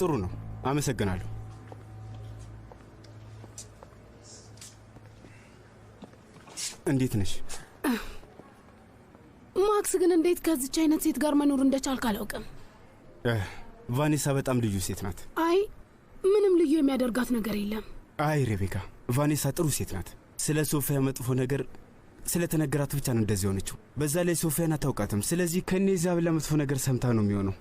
ጥሩ ነው። አመሰግናለሁ። እንዴት ነሽ? ማክስ ግን እንዴት ከዚች አይነት ሴት ጋር መኖር እንደቻልክ አላውቅም። ቫኔሳ በጣም ልዩ ሴት ናት። አይ ምንም ልዩ የሚያደርጋት ነገር የለም። አይ ሬቤካ፣ ቫኔሳ ጥሩ ሴት ናት። ስለ ሶፊያ መጥፎ ነገር ተነገራት ብቻ ነው እንደዚህ ሆነችው። በዛ ላይ ሶፊያን አታውቃትም። ስለዚህ ከእኔ ዛብላ መጥፎ ነገር ሰምታ ነው የሚሆነው።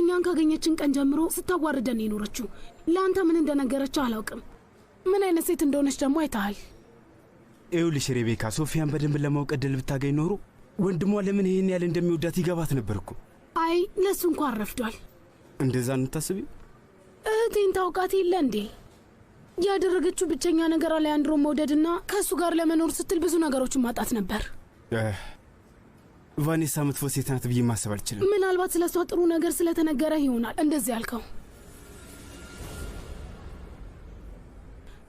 እኛን ካገኘችን ቀን ጀምሮ ስታዋርደን የኖረችው ለአንተ ምን እንደነገረችው አላውቅም። ምን አይነት ሴት እንደሆነች ደግሞ አይተሃል። ይኸውልሽ ሬቤካ ሶፊያን በደንብ ለማወቅ ዕድል ብታገኝ ኖሮ ወንድሟ ለምን ይህን ያህል እንደሚወዳት ይገባት ነበር እኮ። አይ ለእሱ እንኳን ረፍዷል። እንደዛ እንታስቢ። እህቴን ታውቃት የለ እንዴ? ያደረገችው ብቸኛ ነገር አንድሮ መውደድና ከእሱ ጋር ለመኖር ስትል ብዙ ነገሮችን ማጣት ነበር። ቫኔሳ መጥፎ ሴት ናት ብዬ ማሰብ አልችልም። ምናልባት ስለ እሷ ጥሩ ነገር ስለተነገረ ይሆናል እንደዚህ ያልከው።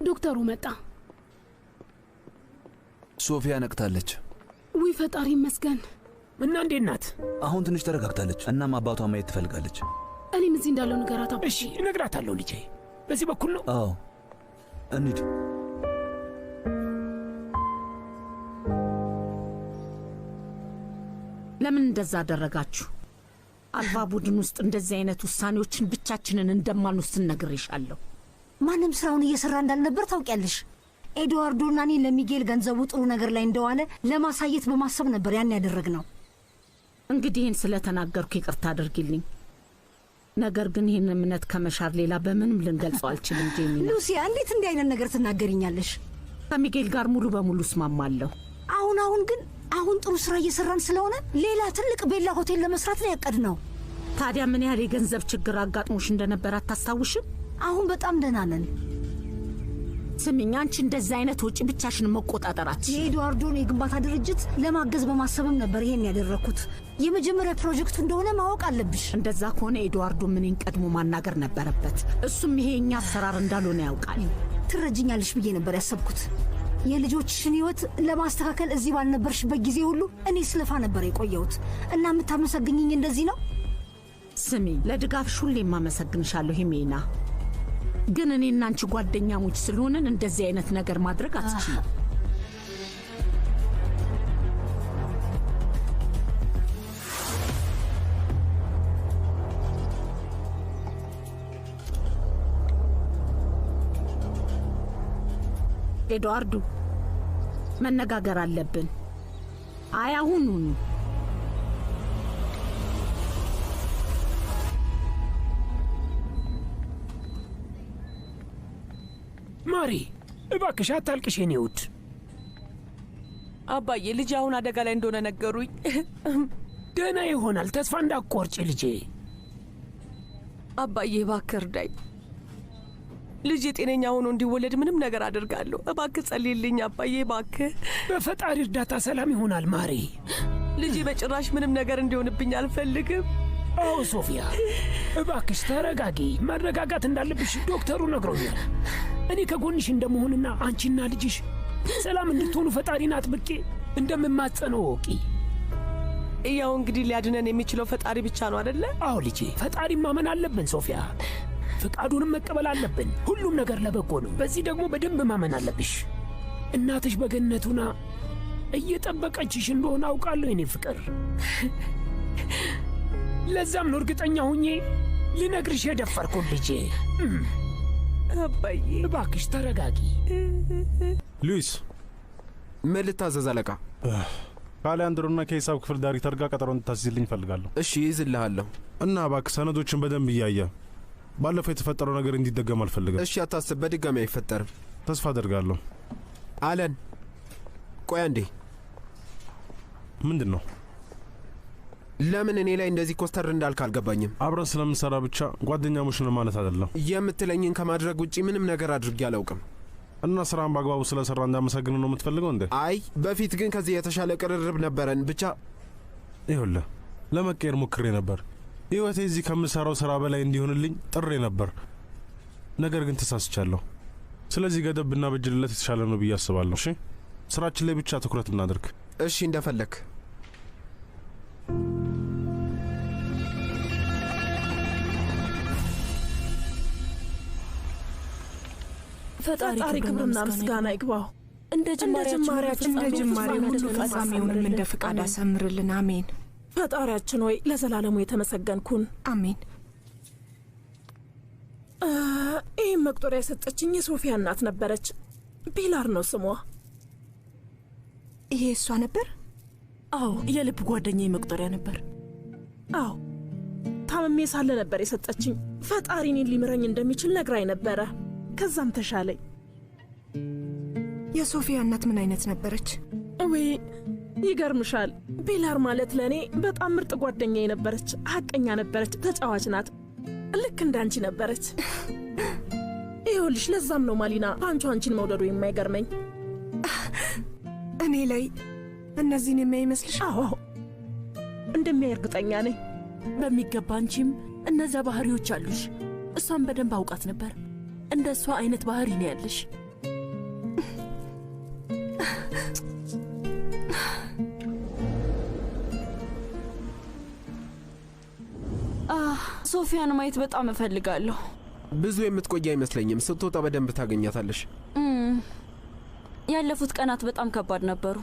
ዶክተሩ መጣ። ሶፊያ ነቅታለች። ውይ ፈጣሪ ይመስገን። እና እንዴት ናት? አሁን ትንሽ ተረጋግታለች። እናም አባቷ ማየት ትፈልጋለች። እኔም እዚህ እንዳለው ንገራታ። እሺ እነግራታለሁ ልጄ። በዚህ በኩል ነው። አዎ እንሂድ። ለምን እንደዛ አደረጋችሁ? አልባ ቡድን ውስጥ እንደዚህ አይነት ውሳኔዎችን ብቻችንን እንደማንወስን ነግሬሻለሁ። ማንም ስራውን እየሰራ እንዳልነበር ታውቂያለሽ። ኤድዋርዶና እኔ ለሚጌል ገንዘቡ ጥሩ ነገር ላይ እንደዋለ ለማሳየት በማሰብ ነበር ያን ያደረግነው። እንግዲህ ይህን ስለተናገርኩ ይቅርታ አድርጊልኝ። ነገር ግን ይህን እምነት ከመሻር ሌላ በምንም ልንገልጸው አልችልም። ጄሚ፣ ሉሲያ እንዴት እንዲህ አይነት ነገር ትናገርኛለሽ? ከሚጌል ጋር ሙሉ በሙሉ እስማማለሁ። አሁን አሁን ግን አሁን ጥሩ ስራ እየሰራን ስለሆነ ሌላ ትልቅ ቤላ ሆቴል ለመስራት ነው ያቀድነው። ታዲያ ምን ያህል የገንዘብ ችግር አጋጥሞሽ እንደነበር አታስታውሽም? አሁን በጣም ደህና ነን። ስሚኝ፣ አንቺ እንደዚህ አይነት ወጪ ብቻሽን መቆጣጠራት። የኤድዋርዶን የግንባታ ድርጅት ለማገዝ በማሰብም ነበር ይሄን ያደረግኩት። የመጀመሪያ ፕሮጀክቱ እንደሆነ ማወቅ አለብሽ። እንደዛ ከሆነ ኤድዋርዶ ምንን ቀድሞ ማናገር ነበረበት። እሱም ይሄ አሰራር እንዳልሆነ ያውቃል። ትረጅኛለሽ ብዬ ነበር ያሰብኩት። የልጆችሽን ህይወት ለማስተካከል እዚህ ባልነበርሽበት ጊዜ ሁሉ እኔ ስለፋ ነበር የቆየሁት እና የምታመሰግኝኝ እንደዚህ ነው? ስሚ፣ ለድጋፍሽ ሁሌም የማመሰግንሻለሁ ሂሜና። ግን እኔ እናንቺ ጓደኛሞች ስለሆንን እንደዚህ አይነት ነገር ማድረግ አትችልም። ኤድዋርዱ መነጋገር አለብን። አይ ሁኑ። ማሪ እባክሽ አታልቅሽ የኔ ውድ። አባዬ ልጅ አሁን አደጋ ላይ እንደሆነ ነገሩኝ። ደህና ይሆናል፣ ተስፋ እንዳቆርጭ ልጄ። አባዬ እባክህ እርዳኝ። ልጅ የጤነኛ ሆኖ እንዲወለድ ምንም ነገር አድርጋለሁ። እባክህ ጸልይልኝ አባዬ፣ እባክህ። በፈጣሪ እርዳታ ሰላም ይሆናል ማሪ። ልጄ በጭራሽ ምንም ነገር እንዲሆንብኝ አልፈልግም። አዎ ሶፊያ፣ እባክሽ ተረጋጊ። መረጋጋት እንዳለብሽ ዶክተሩ ነግሮኛል። እኔ ከጎንሽ እንደመሆንና አንቺና ልጅሽ ሰላም እንድትሆኑ ፈጣሪን አጥብቄ እንደምማጸነው ወቂ። ያው እንግዲህ ሊያድነን የሚችለው ፈጣሪ ብቻ ነው አደለ? አዎ ልጄ፣ ፈጣሪ ማመን አለብን ሶፊያ። ፍቃዱንም መቀበል አለብን። ሁሉም ነገር ለበጎ ነው። በዚህ ደግሞ በደንብ ማመን አለብሽ። እናትሽ በገነቱና እየጠበቀችሽ እንደሆነ አውቃለሁ የኔ ፍቅር። ለዛም ነው እርግጠኛ ሁኜ ልነግርሽ የደፈርኩ ልጄ። አባዬ እባክሽ ተረጋጊ። ሉዊስ ምን ልታዘዝ አለቃ? ከአሊያንድሮና ከሂሳብ ክፍል ዳይሬክተር ጋር ቀጠሮ እንድታስይዝልኝ እፈልጋለሁ። እሺ ይዝልሃለሁ። እና እባክህ ሰነዶችን በደንብ እያየ ባለፈው የተፈጠረው ነገር እንዲደገም አልፈልግም። እሺ አታስብ፣ በድጋሚ አይፈጠርም። ተስፋ አደርጋለሁ። አለን፣ ቆይ አንዴ። ምንድን ነው? ለምን እኔ ላይ እንደዚህ ኮስተር እንዳልክ አልገባኝም። አብረን ስለምንሰራ ብቻ ጓደኛሞች ነን ማለት አይደለም። የምትለኝን ከማድረግ ውጪ ምንም ነገር አድርጌ አላውቅም። እና ስራን በአግባቡ ስለሰራ እንዳመሰግን ነው የምትፈልገው እንዴ? አይ በፊት ግን ከዚህ የተሻለ ቅርርብ ነበረን። ብቻ ይሁለ ለመቀየር ሞክሬ ነበር ህይወቴ እዚህ ከምሰራው ስራ በላይ እንዲሆንልኝ ጥሬ ነበር። ነገር ግን ተሳስቻለሁ። ስለዚህ ገደብ ብናበጅልለት የተሻለ ነው ብዬ አስባለሁ። እሺ፣ ስራችን ላይ ብቻ ትኩረት እናድርግ። እሺ፣ እንደፈለግ ፈጣሪ ክብርና ምስጋና ይግባው። እንደ ጅማሪ ሁሉ ፈጻሚውንም እንደ ፍቃድ አሰምርልን። አሜን። ፈጣሪያችን ሆይ ለዘላለሙ የተመሰገንኩን። አሜን። ይህም መቁጠሪያ የሰጠችኝ የሶፊያ እናት ነበረች። ቢላር ነው ስሟ። ይሄ እሷ ነበር? አዎ፣ የልብ ጓደኛ መቁጠሪያ ነበር። አዎ፣ ታመሜ ሳለ ነበር የሰጠችኝ። ፈጣሪ እኔን ሊምረኝ እንደሚችል ነግራኝ ነበረ። ከዛም ተሻለኝ። የሶፊያ እናት ምን አይነት ነበረች? ወይ ይገርምሻል፣ ቤላር ማለት ለእኔ በጣም ምርጥ ጓደኛ የነበረች ሐቀኛ ነበረች፣ ተጫዋች ናት። ልክ እንዳንቺ ነበረች። ይኸውልሽ፣ ለዛም ነው ማሊና አንቺ አንቺን መውደዱ የማይገርመኝ። እኔ ላይ እነዚህን የሚያይመስልሽ? አዎ እንደሚያርግጠኛ ነኝ። በሚገባ አንቺም እነዚያ ባህሪዎች አሉሽ። እሷን በደንብ አውቃት ነበር። እንደ እሷ አይነት ባህሪ ነው ያለሽ። ሶፊያን ማየት በጣም እፈልጋለሁ። ብዙ የምትቆይ አይመስለኝም። ስትወጣ በደንብ ታገኛታለሽ። ያለፉት ቀናት በጣም ከባድ ነበሩ።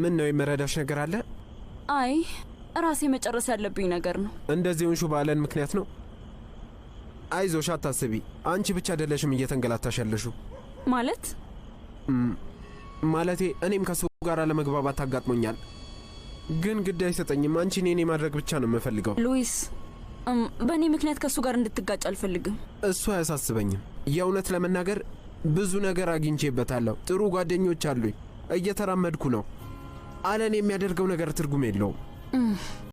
ምን ነው የመረዳሽ ነገር አለ? አይ ራሴ መጨረስ ያለብኝ ነገር ነው። እንደዚህ ሆንሹ ባለን ምክንያት ነው። አይዞሽ፣ አታስቢ። አንቺ ብቻ አይደለሽም እየተንገላታሽ ያለሹ። ማለት ማለቴ እኔም ከሱ ጋር ለመግባባት አጋጥሞኛል፣ ግን ግድ አይሰጠኝም። አንቺ እኔ ማድረግ ብቻ ነው የምፈልገው ሉዊስ በእኔ ምክንያት ከእሱ ጋር እንድትጋጭ አልፈልግም። እሱ አያሳስበኝም። የእውነት ለመናገር ብዙ ነገር አግኝቼበታለሁ። ጥሩ ጓደኞች አሉኝ። እየተራመድኩ ነው። አለን የሚያደርገው ነገር ትርጉም የለውም።